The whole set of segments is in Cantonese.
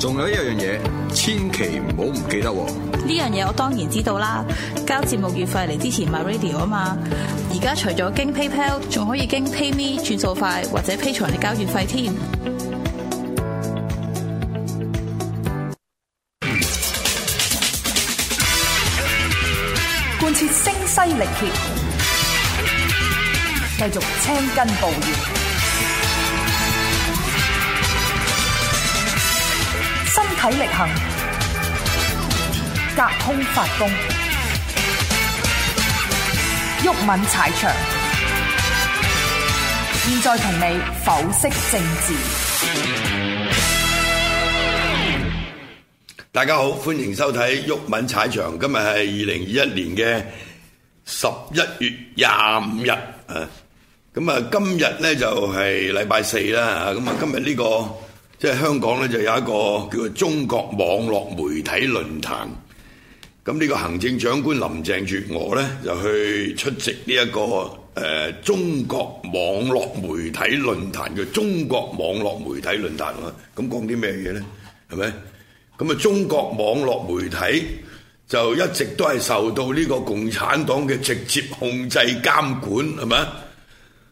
仲有一樣嘢，千祈唔好唔記得喎！呢樣嘢我當然知道啦，交節目月費嚟之前買 radio 啊嘛，而家除咗經 PayPal，仲可以經 PayMe 轉數快或者 p a 批財嚟交月費添。 貫徹聲勢力竭，繼續青筋暴現。體力行，隔空發功，毓民踩場。現在同你剖析政治。大家好，歡迎收睇毓民踩場。今日係二零二一年嘅十一月廿五日啊！咁啊，今日咧就係禮拜四啦。咁啊，今日呢個。即係香港呢，就有一個叫做中國網絡媒體論壇。咁呢個行政長官林鄭月娥呢，就去出席呢、這、一個誒、呃、中國網絡媒體論壇嘅中國網絡媒體論壇喎。咁講啲咩嘢呢？係咪？咁啊，中國網絡媒體就一直都係受到呢個共產黨嘅直接控制監管，係咪？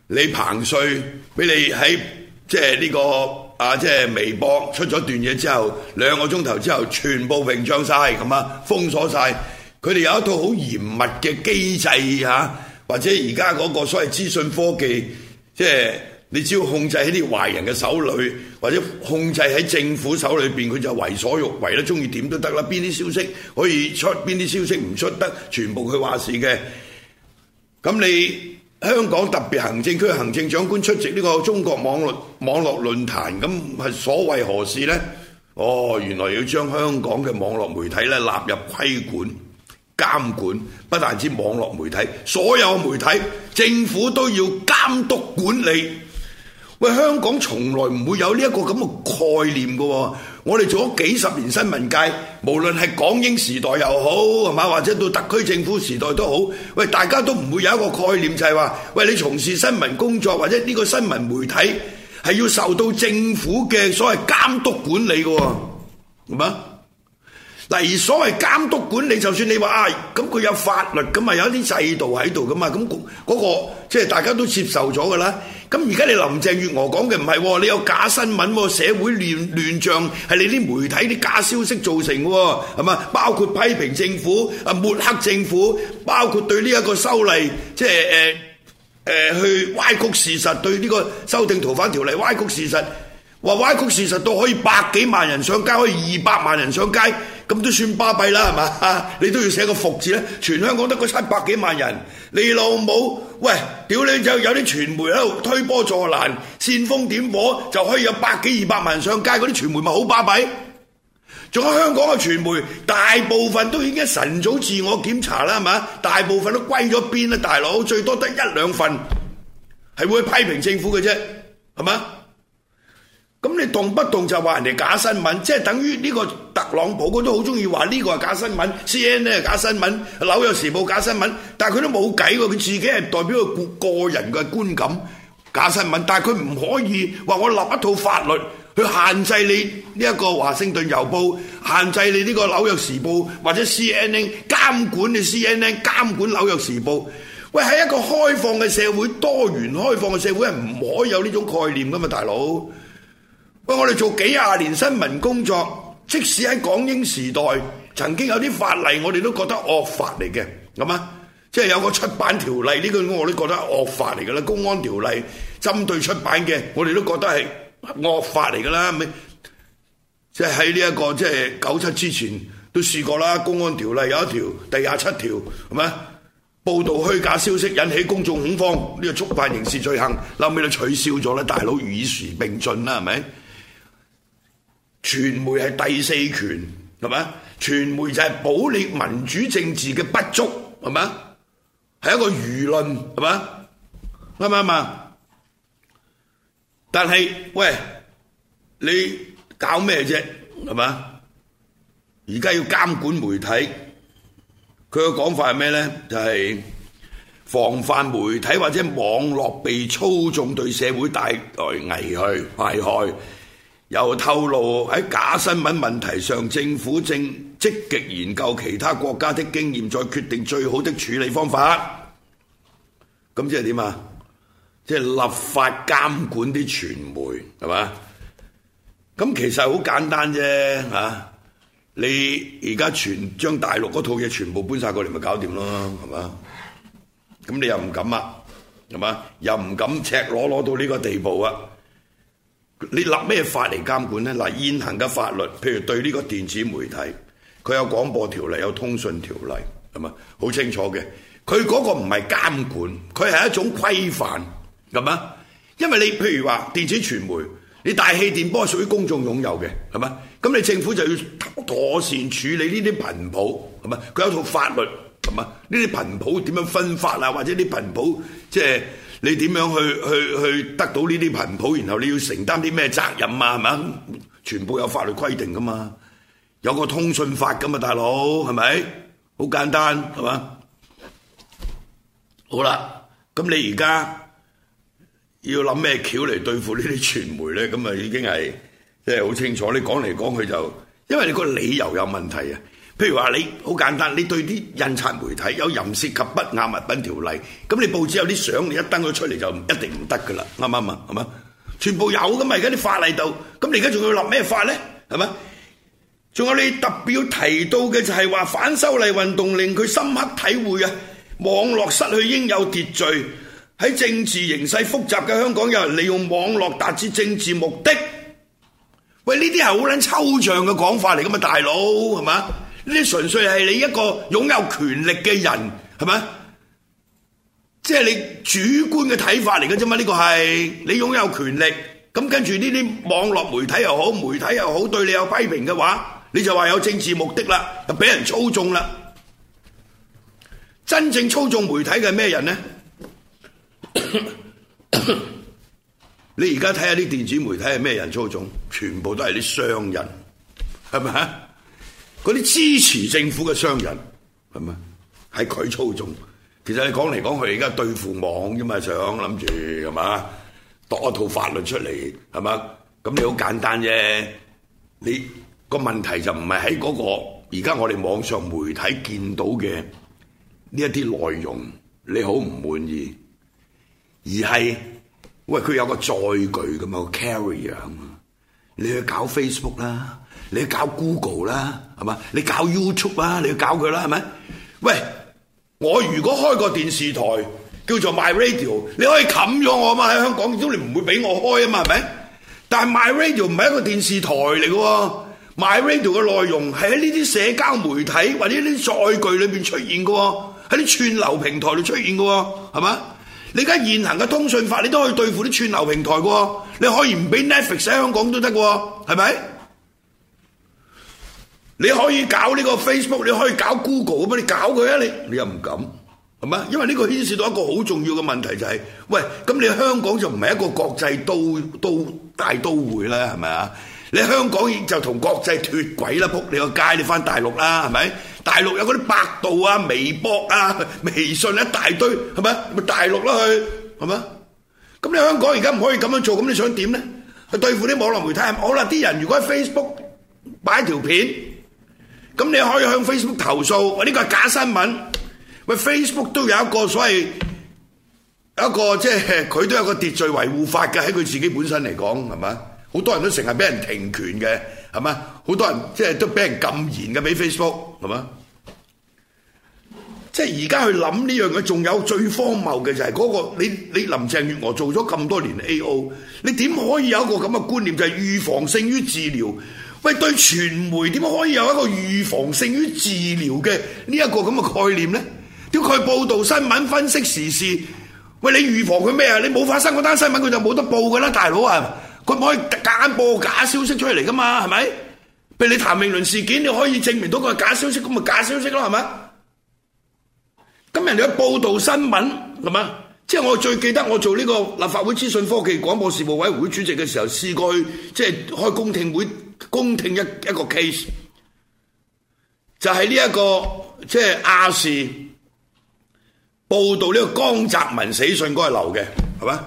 你彭帥俾你喺即係呢個。啊！即係微博出咗段嘢之後，兩個鐘頭之後，全部屏障晒，咁啊，封鎖晒。佢哋有一套好嚴密嘅機制嚇、啊，或者而家嗰個所謂資訊科技，即係你只要控制喺啲壞人嘅手裏，或者控制喺政府手裏邊，佢就為所欲為啦，中意點都得啦。邊啲消息可以出，邊啲消息唔出得，全部佢話事嘅。咁你？香港特別行政區行政長官出席呢個中國網絡網絡論壇，咁係所謂何事呢？哦，原來要將香港嘅網絡媒體呢納入規管監管，不但止網絡媒體，所有媒體政府都要監督管理。喂，香港從來唔會有呢個概念嘅，我哋做咗幾十年新聞界，無論係港英時代又好，或者到特區政府時代都好，喂，大家都唔會有一個概念就係話，喂，你從事新聞工作或者呢個新聞媒體，係要受到政府嘅所謂監督管理嘅。例如所謂監督管理，就算你話啊，咁佢有法律，咁啊有啲制度喺度噶嘛，咁嗰、那個即係大家都接受咗噶啦。咁而家你林鄭月娥講嘅唔係喎，你有假新聞，社會亂亂象係你啲媒體啲假消息造成嘅喎，係嘛？包括批評政府啊，抹黑政府，包括對呢一個修例，即係誒誒去歪曲事實，對呢個修訂逃犯條例歪曲事實，話歪曲事實到可以百幾萬人上街，可以二百萬人上街。咁都算巴閉啦，係嘛？你都要寫個服字咧，全香港得嗰七百幾萬人，你老母喂屌你！有有啲傳媒喺度推波助瀾、煽風點火，就可以有百幾二百萬人上街，嗰啲傳媒咪好巴閉？仲有香港嘅傳媒，大部分都已經晨早自我檢查啦，係嘛？大部分都歸咗邊啦，大佬最多得一兩份，係會批評政府嘅啫，係嘛？咁你動不動就話人哋假新聞，即係等於呢個特朗普佢都好中意話呢個係假新聞，CNN 係假新聞，紐約時報假新聞。但係佢都冇計，佢自己係代表個個個人嘅觀感假新聞。但係佢唔可以話我立一套法律去限制你呢一個華盛頓郵報，限制你呢個紐約時報或者 CNN，監管你 CNN，監管紐約時報。喂，喺一個開放嘅社會，多元開放嘅社會係唔可以有呢種概念噶嘛，大佬？喂，我哋做幾廿年新聞工作，即使喺港英時代曾經有啲法例，我哋都覺得惡法嚟嘅，咁啊，即係有個出版條例呢個我都覺得惡法嚟噶啦，公安條例針對出版嘅，我哋都覺得係惡法嚟噶啦，係咪？即係喺呢一個即係九七之前都試過啦，公安條例有一條第廿七條，係咪？報導虛假消息引起公眾恐慌呢個觸犯刑事罪行，後尾就取消咗啦，大佬與時並進啦，係咪？傳媒係第四權係嘛？傳媒就係補漏民主政治嘅不足係嘛？係一個輿論係嘛？啱唔啱啊？但係喂，你搞咩啫係嘛？而家要監管媒體，佢嘅講法係咩呢？就係防範媒體或者網絡被操縱，對社會帶來危害危害。又透露喺假新聞問題上，政府正積極研究其他國家的經驗，再決定最好的處理方法。咁即係點啊？即係立法監管啲傳媒係嘛？咁其實好簡單啫吓！你而家全將大陸嗰套嘢全部搬晒過嚟，咪搞掂咯，係嘛？咁你又唔敢啊？係嘛？又唔敢赤裸裸裸到呢個地步啊？你立咩法嚟監管呢？嗱，現行嘅法律，譬如對呢個電子媒體，佢有廣播條例，有通訊條例，係嘛？好清楚嘅。佢嗰個唔係監管，佢係一種規範，係嘛？因為你譬如話電子傳媒，你大氣電波係屬於公眾擁有嘅，係嘛？咁你政府就要妥善處理呢啲頻譜，係嘛？佢有套法律，係嘛？呢啲頻譜點樣分法啊？或者啲頻譜即係。你點樣去去去得到呢啲頻譜？然後你要承擔啲咩責任啊？係咪？全部有法律規定㗎嘛，有個通訊法㗎嘛，大佬係咪？好簡單係嘛？好啦，咁你而家要諗咩橋嚟對付呢啲傳媒咧？咁啊已經係即係好清楚。你講嚟講去就，因為你個理由有問題啊！譬如話你好簡單，你對啲印刷媒體有淫褻及不雅物品條例，咁你報紙有啲相，你一登咗出嚟就一定唔得㗎喇，啱唔啱啊？係嘛？全部有㗎嘛，而家啲法例度，咁你而家仲要立咩法咧？係嘛？仲有你特別要提到嘅就係話反修例運動令佢深刻體會啊，網絡失去應有秩序，喺政治形勢複雜嘅香港，有人利用網絡達至政治目的。喂，呢啲係好撚抽象嘅講法嚟㗎嘛，大佬係嘛？呢啲純粹係你一個擁有權力嘅人係咪？即係你主觀嘅睇法嚟嘅啫嘛？呢個係你擁有權力，咁跟住呢啲網絡媒體又好，媒體又好，對你有批評嘅話，你就話有政治目的啦，就俾人操縱啦。真正操縱媒體嘅係咩人呢？ 你而家睇下啲電子媒體係咩人操縱？全部都係啲商人，係咪？嗰啲支持政府嘅商人係咪？係佢操縱。其實你講嚟講去，而家對付網啫嘛，想諗住係嘛，度一套法律出嚟係嘛？咁你好簡單啫。你個問題就唔係喺嗰個而家我哋網上媒體見到嘅呢一啲內容，你好唔滿意，而係喂，佢有個載具㗎嘛，carrier 啊。你去搞 Facebook 啦，你去搞 Google 啦，係嘛？你搞 YouTube 啦，你去搞佢啦，係咪？喂，我如果開個電視台叫做 My Radio，你可以冚咗我啊嘛？喺香港始終你唔會俾我開啊嘛，係咪？但係 My Radio 唔係一個電視台嚟嘅喎，My Radio 嘅內容係喺呢啲社交媒體或者啲載具裏邊出現嘅喎，喺啲串流平台度出現嘅喎，係嘛？你而家現行嘅通訊法，你都可以對付啲串流平台嘅喎，你可以唔俾 Netflix 喺香港都得嘅喎，係咪？你可以搞呢個 Facebook，你可以搞 Google，咁你搞佢啊你？你又唔敢，係咪？因為呢個牽涉到一個好重要嘅問題，就係喂，咁你香港就唔係一個國際都都大都會啦，係咪啊？你香港就同國際脫軌啦，仆你個街，你翻大陸啦，係咪？大陸有嗰啲百度啊、微博啊、微信一大堆，係咪？咪大陸啦，佢係咪？咁你香港而家唔可以咁樣做，咁你想點咧？去對付啲網絡媒體？係咪？好啦，啲人如果喺 Facebook 擺條片，咁你可以向 Facebook 投訴，喂呢個係假新聞。喂，Facebook 都有一個所謂有一個即係佢都有個秩序維護法嘅喺佢自己本身嚟講，係咪啊？好多人都成日俾人停權嘅。係咪？好多人即係都俾人禁言嘅，俾 Facebook 係咪？即係而家去諗呢樣嘢，仲有最荒謬嘅就係嗰個你，你林鄭月娥做咗咁多年 AO，你點可以有一個咁嘅觀念就係預防勝於治療？喂，對傳媒點可以有一個預防勝於治療嘅呢一個咁嘅概念呢？屌佢報道新聞，分析時事，喂你預防佢咩啊？你冇發生嗰單新聞，佢就冇得報噶啦，大佬啊！佢唔可以夾硬播假消息出嚟㗎嘛？係咪？譬如你譚詠麟事件，你可以證明到佢係假消息，咁咪假消息咯？係咪？咁人哋去報導新聞係嘛？即係我最記得我做呢個立法會資訊科技廣播事務委員會主席嘅時候，試過去即係開公聽會，公聽一一個 case，就係呢一個即係亞視報導呢個江澤民死訊應該係流嘅係咪？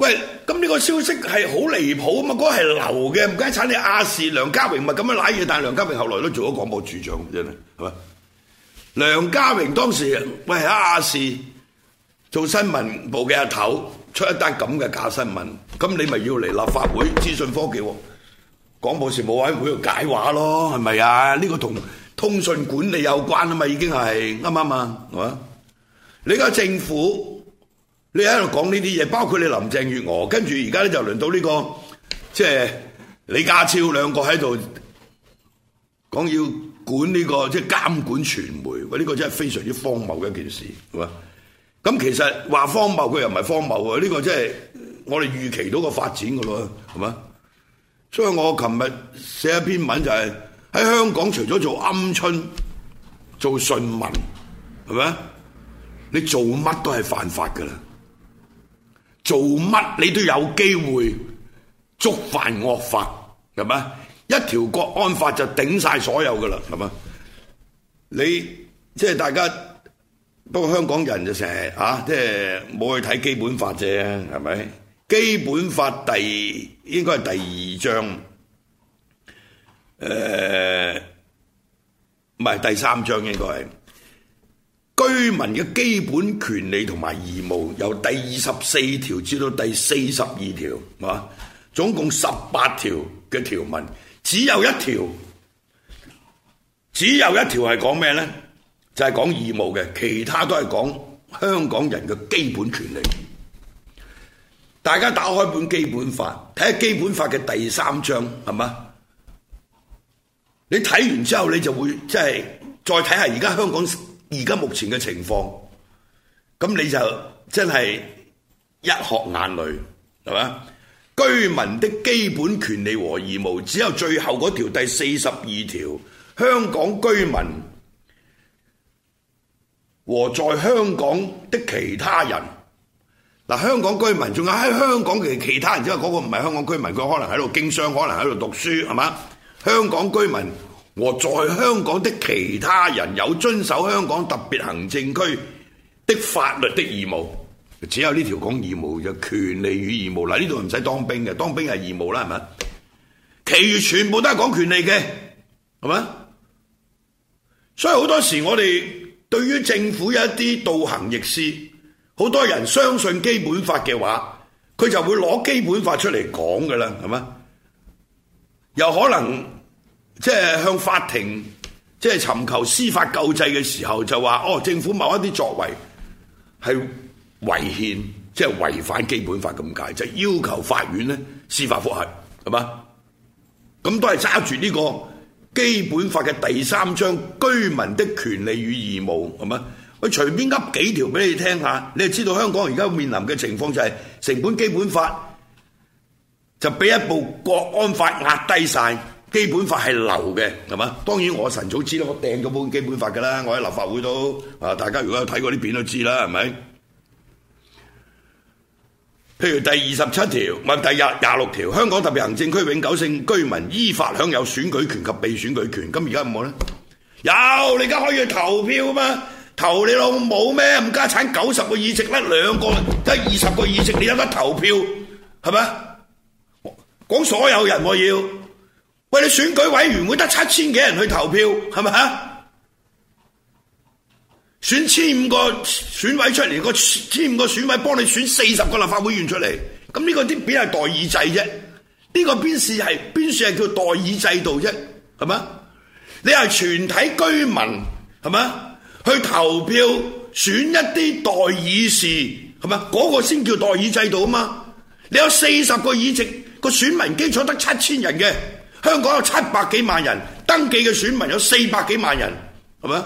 喂，咁呢個消息係好離譜啊嘛，嗰、嗰個係流嘅，唔該產你亞視梁家榮咪咁樣揦嘢，但係梁家榮後來都做咗廣播處長，真係係嘛？梁家榮當時喂喺亞視做新聞部嘅阿頭出一單咁嘅假新聞，咁你咪要嚟立法會資訊科技，啊、廣播事務委員會度解話咯，係咪啊？呢、呢個同通訊管理有關啊嘛，已經係啱啱啊，係嘛？你個政府。你喺度講呢啲嘢，包括你林鄭月娥，跟住而家咧就輪到呢個，即係李家超兩個喺度講要管呢個，即係監管傳媒。哇！呢個真係非常之荒謬嘅一件事，係嘛？咁其實話荒謬佢又唔係荒謬啊！呢個真係我哋預期到個發展噶咯，係嘛？所以我琴日寫一篇文就係喺香港除咗做鵪鶉做順民，係咪你做乜都係犯法噶啦！做乜你都有機會觸犯惡法，係咪？一條國安法就頂晒所有㗎喇，係咪？你即係大家，不過香港人就成日吓，即係冇去睇基本法啫，係咪？基本法第應該係第二章，誒，唔係第三章應該係。居民嘅基本權利同埋義務，由第二十四條至到第四十二條，係嘛，總共十八條嘅條文，只有一條，只有一條係講咩呢？就係講義務嘅，其他都係講香港人嘅基本權利。大家打開本基本法，睇下基本法嘅第三章，係嘛？你睇完之後，你就會即係，再睇下而家香港。而家目前嘅情況，咁你就真係一學眼淚，係嘛？居民的基本權利和義務只有最後嗰條第四十二條。香港居民和在香港的其他人，嗱，香港居民仲有喺香港嘅其他人，因為嗰個唔係香港居民，佢可能喺度經商，可能喺度讀書，係嘛？香港居民。我和在香港的其他人有遵守香港特別行政區的法律的義務，只有呢條講義務嘅權利與義務。嗱，呢度唔使當兵嘅，當兵係義務啦，係咪？其餘全部都係講權利嘅，係咪？所以好多時我哋對於政府有一啲倒行逆施，好多人相信基本法嘅話，佢就會攞基本法出嚟講嘅啦，係咪？又可能。即係向法庭，即係尋求司法救濟嘅時候，就話哦，政府某一啲作為係違憲，即係違反基本法咁解，就是，要求法院咧司法復核，係嘛？咁都係揸住呢個基本法嘅第三章居民的權利與義務，係嘛？我隨便噏幾條俾你聽下，你就知道香港而家面臨嘅情況就係、是，成本基本法就俾一部國安法壓低晒。基本法係流嘅，係嘛？當然我晨早知啦，我訂嗰本基本法噶啦。我喺立法會都啊，大家如果有睇過啲片都知啦，係咪？譬如第二十七條問第廿廿六條，香港特別行政區永久性居民依法享有選舉權及被選舉權。咁而家有冇咧？有，你而家可以去投票啊嘛？投你老母咩？唔加產九十個議席啦，兩個得二十個議席，你有得投票？係咪啊？講所有人我要。剩喂，你選舉委員會得七千幾人去投票，係咪啊？選千五個選委出嚟，個千五個選委幫你選四十個立法會議員出嚟，咁呢個啲邊係代議制啫？呢個邊是係邊是係叫代議制度啫？係嘛？你係全體居民係嘛？去投票選一啲代議士係嘛？嗰個先叫代議制度啊嘛？你有四十個議席，個選民基礎得七千人嘅。香港有七百幾萬人登記嘅選民，有四百幾萬人，係咪？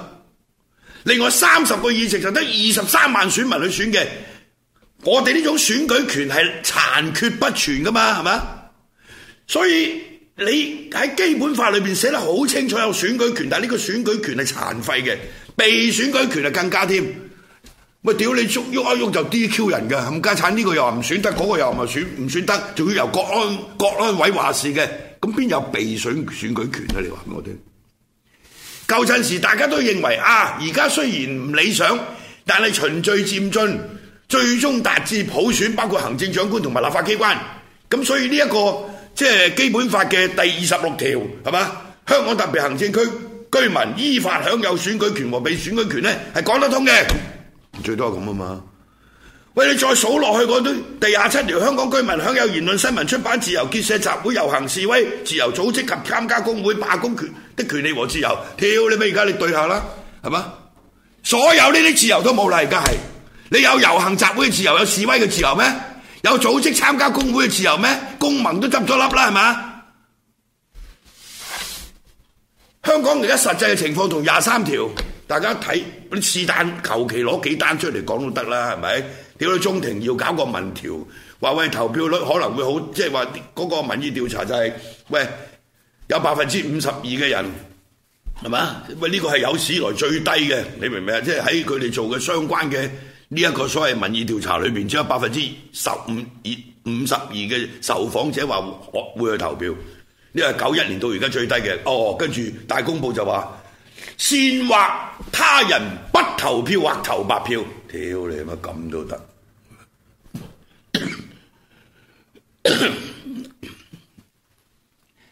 另外三十個議席就得二十三萬選民去選嘅，我哋呢種選舉權係殘缺不全噶嘛，係咪？所以你喺基本法裏邊寫得好清楚有選舉權，但係呢個選舉權係殘廢嘅，被選舉權係更加添。喂，屌你動動，喐喐一喐就 DQ 人噶，冚家鏟，呢個又唔選得，嗰、嗰個又唔係選唔選得，仲要由國安國安委話事嘅。咁邊有被選選舉權啊？你話俾我聽，舊陣時大家都認為啊，而家雖然唔理想，但係循序漸進，最終達至普選，包括行政長官同埋立法機關。咁所以呢、這、一個即係、就是、基本法嘅第二十六條，係嘛？香港特別行政區居民依法享有選舉權和被選舉權咧，係講得通嘅。最多係咁啊嘛。喂，你再數落去嗰堆第廿七條，香港居民享有言論、新聞、出版自由、結社、集會、遊行示威、自由組織及參加工會、罷工權的權利和自由。跳你咩？而家你對下啦，係嘛？所有呢啲自由都冇啦，而家係你有遊行集會嘅自由，有示威嘅自由咩？有組織參加工會嘅自由咩？工盟都執咗笠啦，係嘛？香港而家實際嘅情況同廿三條，大家睇嗰啲是但，求其攞幾單出嚟講都得啦，係咪？屌你，中庭要搞個民調，話喂投票率可能會好，即係話嗰個民意調查就係喂有百分之五十二嘅人係咪啊？喂呢個係有史來最低嘅，你明唔明啊？即係喺佢哋做嘅相關嘅呢一個所謂民意調查裏邊只有百分之十五、以五十二嘅受訪者話我會去投票，呢個係九一年到而家最低嘅。哦，跟住大公報就話。煽惑他人不投票或投白票，屌你乜咁都得？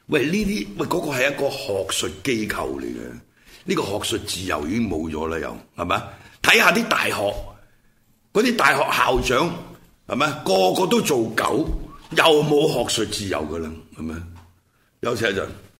喂，呢啲喂嗰個係一個學術機構嚟嘅，呢個學術自由已經冇咗啦，又係咪？睇下啲大學，嗰啲大學校長係咪，個個都做狗，又冇學術自由噶啦，係咪？休息一陣。